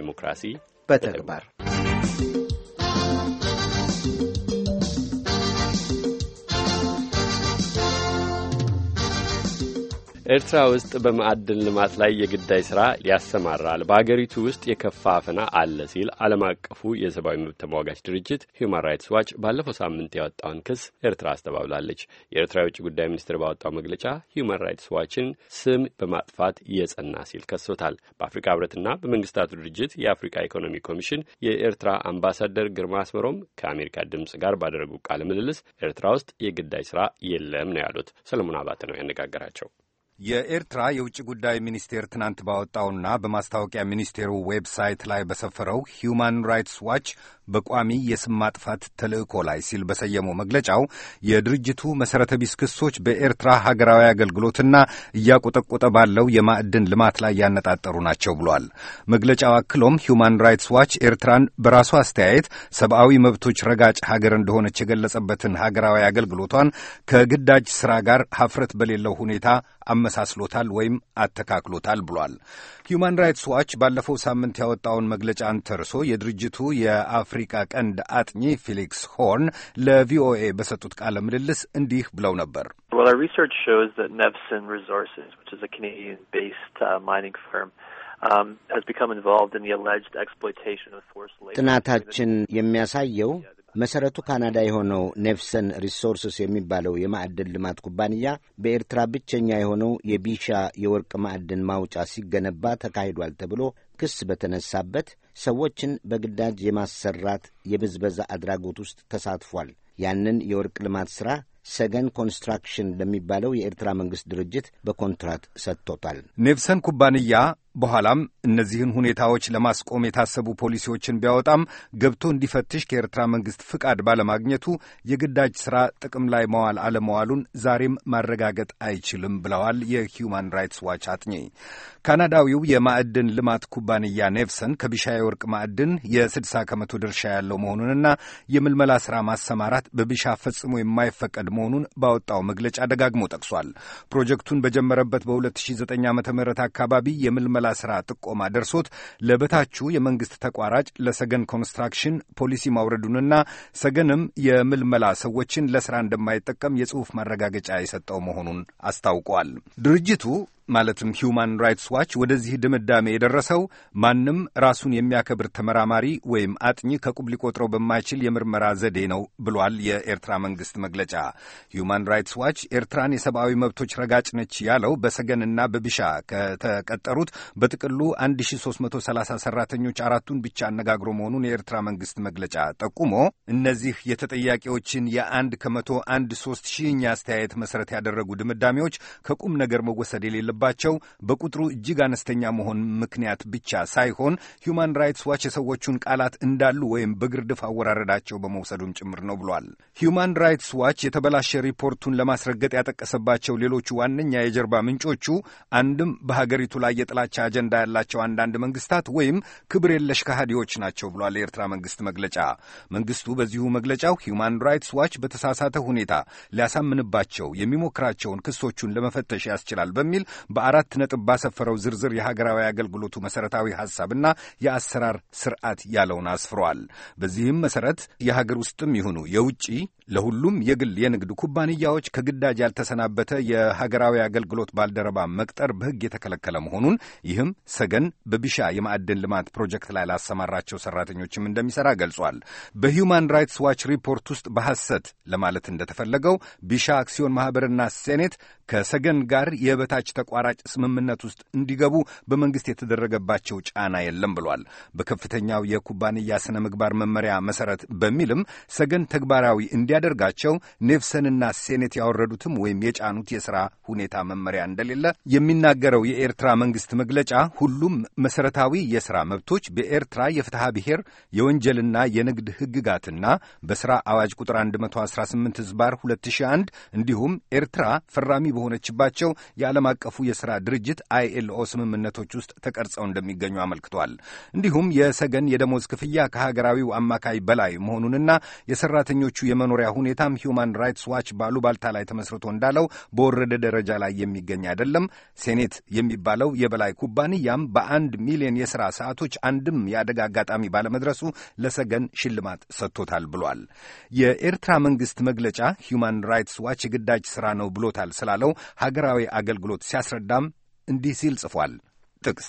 ዲሞክራሲ በተግባር ኤርትራ ውስጥ በማዕድን ልማት ላይ የግዳይ ሥራ ያሰማራል፣ በአገሪቱ ውስጥ የከፋ አፈና አለ ሲል ዓለም አቀፉ የሰብአዊ መብት ተሟጋች ድርጅት ሂውማን ራይትስ ዋች ባለፈው ሳምንት ያወጣውን ክስ ኤርትራ አስተባብላለች። የኤርትራ የውጭ ጉዳይ ሚኒስትር ባወጣው መግለጫ ሂውማን ራይትስ ዋችን ስም በማጥፋት የጸና ሲል ከሶታል። በአፍሪካ ህብረትና በመንግስታቱ ድርጅት የአፍሪካ ኢኮኖሚ ኮሚሽን የኤርትራ አምባሳደር ግርማ አስመሮም ከአሜሪካ ድምፅ ጋር ባደረጉ ቃለ ምልልስ ኤርትራ ውስጥ የግዳይ ሥራ የለም ነው ያሉት። ሰለሞን አባተ ነው ያነጋገራቸው። የኤርትራ የውጭ ጉዳይ ሚኒስቴር ትናንት ባወጣውና በማስታወቂያ ሚኒስቴሩ ዌብሳይት ላይ በሰፈረው ሂዩማን ራይትስ ዋች በቋሚ የስም ማጥፋት ተልእኮ ላይ ሲል በሰየመው መግለጫው የድርጅቱ መሠረተ ቢስ ክሶች በኤርትራ ሀገራዊ አገልግሎትና እያቆጠቆጠ ባለው የማዕድን ልማት ላይ ያነጣጠሩ ናቸው ብሏል። መግለጫው አክሎም ሂዩማን ራይትስ ዋች ኤርትራን በራሱ አስተያየት ሰብአዊ መብቶች ረጋጭ ሀገር እንደሆነች የገለጸበትን ሀገራዊ አገልግሎቷን ከግዳጅ ስራ ጋር ሀፍረት በሌለው ሁኔታ አመ አመሳስሎታል ወይም አተካክሎታል ብሏል። ሁማን ራይትስ ዋች ባለፈው ሳምንት ያወጣውን መግለጫን ተርሶ የድርጅቱ የአፍሪካ ቀንድ አጥኚ ፊሊክስ ሆርን ለቪኦኤ በሰጡት ቃለ ምልልስ እንዲህ ብለው ነበር። uh, um, ጥናታችን የሚያሳየው መሰረቱ ካናዳ የሆነው ኔፍሰን ሪሶርስስ የሚባለው የማዕድን ልማት ኩባንያ በኤርትራ ብቸኛ የሆነው የቢሻ የወርቅ ማዕድን ማውጫ ሲገነባ ተካሂዷል ተብሎ ክስ በተነሳበት ሰዎችን በግዳጅ የማሰራት የብዝበዛ አድራጎት ውስጥ ተሳትፏል። ያንን የወርቅ ልማት ሥራ ሰገን ኮንስትራክሽን ለሚባለው የኤርትራ መንግሥት ድርጅት በኮንትራት ሰጥቶታል። ኔፍሰን ኩባንያ በኋላም እነዚህን ሁኔታዎች ለማስቆም የታሰቡ ፖሊሲዎችን ቢያወጣም ገብቶ እንዲፈትሽ ከኤርትራ መንግሥት ፍቃድ ባለማግኘቱ የግዳጅ ሥራ ጥቅም ላይ መዋል አለመዋሉን ዛሬም ማረጋገጥ አይችልም ብለዋል የሂዩማን ራይትስ ዋች አጥኚ። ካናዳዊው የማዕድን ልማት ኩባንያ ኔቭሰን ከቢሻ ወርቅ ማዕድን የ60 ከመቶ ድርሻ ያለው መሆኑንና የምልመላ ሥራ ማሰማራት በቢሻ ፈጽሞ የማይፈቀድ መሆኑን ባወጣው መግለጫ ደጋግሞ ጠቅሷል። ፕሮጀክቱን በጀመረበት በ2009 ዓ ም አካባቢ የምልመላ ሥራ ጥቆማ ደርሶት ለበታቹ የመንግሥት ተቋራጭ ለሰገን ኮንስትራክሽን ፖሊሲ ማውረዱንና ሰገንም የምልመላ ሰዎችን ለሥራ እንደማይጠቀም የጽሑፍ ማረጋገጫ የሰጠው መሆኑን አስታውቋል። ድርጅቱ ማለትም ሂውማን ራይትስ ዋች ወደዚህ ድምዳሜ የደረሰው ማንም ራሱን የሚያከብር ተመራማሪ ወይም አጥኚ ከቁብ ሊቆጥረው በማይችል የምርመራ ዘዴ ነው ብሏል የኤርትራ መንግስት መግለጫ። ሂውማን ራይትስ ዋች ኤርትራን የሰብአዊ መብቶች ረጋጭ ነች ያለው በሰገንና በብሻ ከተቀጠሩት በጥቅሉ 1330 ሰራተኞች አራቱን ብቻ አነጋግሮ መሆኑን የኤርትራ መንግስት መግለጫ ጠቁሞ እነዚህ የተጠያቂዎችን የአንድ ከመቶ አንድ ሶስት ሺህኛ አስተያየት መሰረት ያደረጉ ድምዳሜዎች ከቁም ነገር መወሰድ የሌለ የሚደርስባቸው በቁጥሩ እጅግ አነስተኛ መሆን ምክንያት ብቻ ሳይሆን ሁማን ራይትስ ዋች የሰዎቹን ቃላት እንዳሉ ወይም በግርድፍ አወራረዳቸው በመውሰዱም ጭምር ነው ብሏል። ሁማን ራይትስ ዋች የተበላሸ ሪፖርቱን ለማስረገጥ ያጠቀሰባቸው ሌሎቹ ዋነኛ የጀርባ ምንጮቹ አንድም በሀገሪቱ ላይ የጥላቻ አጀንዳ ያላቸው አንዳንድ መንግስታት ወይም ክብር የለሽ ካህዲዎች ናቸው ብሏል የኤርትራ መንግስት መግለጫ። መንግስቱ በዚሁ መግለጫው ሁማን ራይትስ ዋች በተሳሳተ ሁኔታ ሊያሳምንባቸው የሚሞክራቸውን ክሶቹን ለመፈተሽ ያስችላል በሚል በአራት ነጥብ ባሰፈረው ዝርዝር የሀገራዊ አገልግሎቱ መሠረታዊ ሐሳብና የአሰራር ስርዓት ያለውን አስፍሯል። በዚህም መሠረት የሀገር ውስጥም ይሁኑ የውጭ ለሁሉም የግል የንግድ ኩባንያዎች ከግዳጅ ያልተሰናበተ የሀገራዊ አገልግሎት ባልደረባ መቅጠር በሕግ የተከለከለ መሆኑን ይህም ሰገን በቢሻ የማዕድን ልማት ፕሮጀክት ላይ ላሰማራቸው ሰራተኞችም እንደሚሰራ ገልጿል። በሂውማን ራይትስ ዋች ሪፖርት ውስጥ በሐሰት ለማለት እንደተፈለገው ቢሻ አክሲዮን ማኅበርና ሴኔት ከሰገን ጋር የበታች አቋራጭ ስምምነት ውስጥ እንዲገቡ በመንግስት የተደረገባቸው ጫና የለም ብሏል። በከፍተኛው የኩባንያ ስነ ምግባር መመሪያ መሰረት በሚልም ሰገን ተግባራዊ እንዲያደርጋቸው ኔፍሰንና ሴኔት ያወረዱትም ወይም የጫኑት የሥራ ሁኔታ መመሪያ እንደሌለ የሚናገረው የኤርትራ መንግስት መግለጫ ሁሉም መሰረታዊ የሥራ መብቶች በኤርትራ የፍትሐ ብሔር የወንጀልና የንግድ ህግጋትና በሥራ አዋጅ ቁጥር 118 ህዝባር 2001 እንዲሁም ኤርትራ ፈራሚ በሆነችባቸው የዓለም አቀፉ የሥራ ድርጅት አይኤልኦ ስምምነቶች ውስጥ ተቀርጸው እንደሚገኙ አመልክቷል። እንዲሁም የሰገን የደሞዝ ክፍያ ከሀገራዊው አማካይ በላይ መሆኑንና የሠራተኞቹ የመኖሪያ ሁኔታም ሂውማን ራይትስ ዋች ባሉ ባልታ ላይ ተመስርቶ እንዳለው በወረደ ደረጃ ላይ የሚገኝ አይደለም። ሴኔት የሚባለው የበላይ ኩባንያም በአንድ ሚሊዮን የሥራ ሰዓቶች አንድም የአደጋ አጋጣሚ ባለመድረሱ ለሰገን ሽልማት ሰጥቶታል ብሏል። የኤርትራ መንግሥት መግለጫ ሂውማን ራይትስ ዋች የግዳጅ ሥራ ነው ብሎታል ስላለው ሀገራዊ አገልግሎት ሲያስ ሲያስረዳም እንዲህ ሲል ጽፏል። ጥቅስ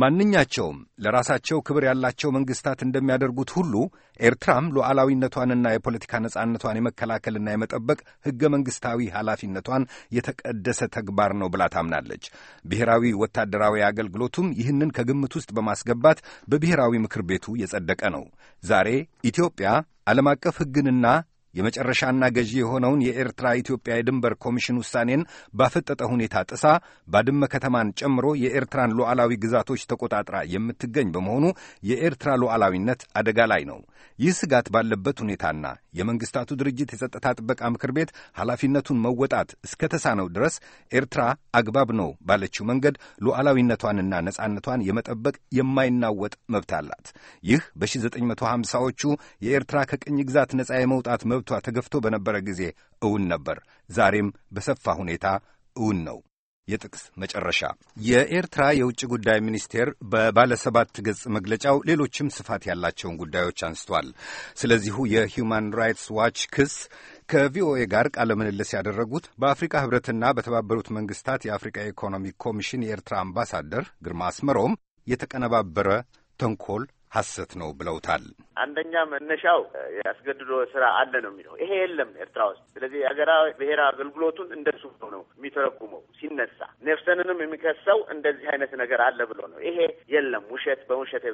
ማንኛቸውም ለራሳቸው ክብር ያላቸው መንግስታት እንደሚያደርጉት ሁሉ ኤርትራም ሉዓላዊነቷንና የፖለቲካ ነጻነቷን የመከላከልና የመጠበቅ ሕገ መንግሥታዊ ኃላፊነቷን የተቀደሰ ተግባር ነው ብላ ታምናለች። ብሔራዊ ወታደራዊ አገልግሎቱም ይህንን ከግምት ውስጥ በማስገባት በብሔራዊ ምክር ቤቱ የጸደቀ ነው። ዛሬ ኢትዮጵያ ዓለም አቀፍ ሕግንና የመጨረሻና ገዢ የሆነውን የኤርትራ ኢትዮጵያ የድንበር ኮሚሽን ውሳኔን ባፈጠጠ ሁኔታ ጥሳ ባድመ ከተማን ጨምሮ የኤርትራን ሉዓላዊ ግዛቶች ተቆጣጥራ የምትገኝ በመሆኑ የኤርትራ ሉዓላዊነት አደጋ ላይ ነው። ይህ ስጋት ባለበት ሁኔታና የመንግስታቱ ድርጅት የጸጥታ ጥበቃ ምክር ቤት ኃላፊነቱን መወጣት እስከተሳነው ድረስ ኤርትራ አግባብ ነው ባለችው መንገድ ሉዓላዊነቷንና ነጻነቷን የመጠበቅ የማይናወጥ መብት አላት። ይህ በ1950ዎቹ የኤርትራ ከቅኝ ግዛት ነጻ የመውጣት መብት መብቷ ተገፍቶ በነበረ ጊዜ እውን ነበር፣ ዛሬም በሰፋ ሁኔታ እውን ነው። የጥቅስ መጨረሻ። የኤርትራ የውጭ ጉዳይ ሚኒስቴር በባለሰባት ገጽ መግለጫው ሌሎችም ስፋት ያላቸውን ጉዳዮች አንስቷል። ስለዚሁ የሂውማን ራይትስ ዋች ክስ ከቪኦኤ ጋር ቃለ ምልልስ ያደረጉት በአፍሪካ ህብረትና በተባበሩት መንግስታት የአፍሪካ ኢኮኖሚክ ኮሚሽን የኤርትራ አምባሳደር ግርማ አስመሮም የተቀነባበረ ተንኮል ሐሰት ነው ብለውታል። አንደኛ መነሻው ያስገድዶ ስራ አለ ነው የሚለው ይሄ የለም ኤርትራ ውስጥ። ስለዚህ ሀገራዊ ብሔራዊ አገልግሎቱን እንደሱ ነው የሚተረጉመው ሲነሳ። ኔልሰንንም የሚከሰው እንደዚህ አይነት ነገር አለ ብሎ ነው። ይሄ የለም ውሸት በውሸት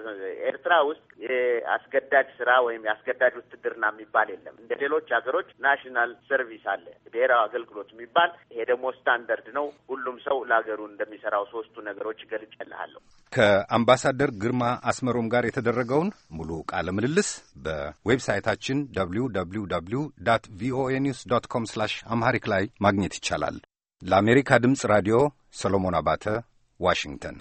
ኤርትራ ውስጥ የአስገዳጅ ስራ ወይም የአስገዳጅ ውትድርና የሚባል የለም። እንደ ሌሎች ሀገሮች ናሽናል ሰርቪስ አለ ብሔራዊ አገልግሎት የሚባል ይሄ ደግሞ ስታንዳርድ ነው። ሁሉም ሰው ለሀገሩ እንደሚሰራው ሶስቱ ነገሮች ገልጬልሃለሁ። ከአምባሳደር ግርማ አስመሮም ጋር የተደረገውን ሙሉ ቃለ ምልልስ በዌብሳይታችን www ቪኦኤ ኒውስ ዶት ኮም ስላሽ አምሃሪክ ላይ ማግኘት ይቻላል። ለአሜሪካ ድምፅ ራዲዮ ሰሎሞን አባተ ዋሽንግተን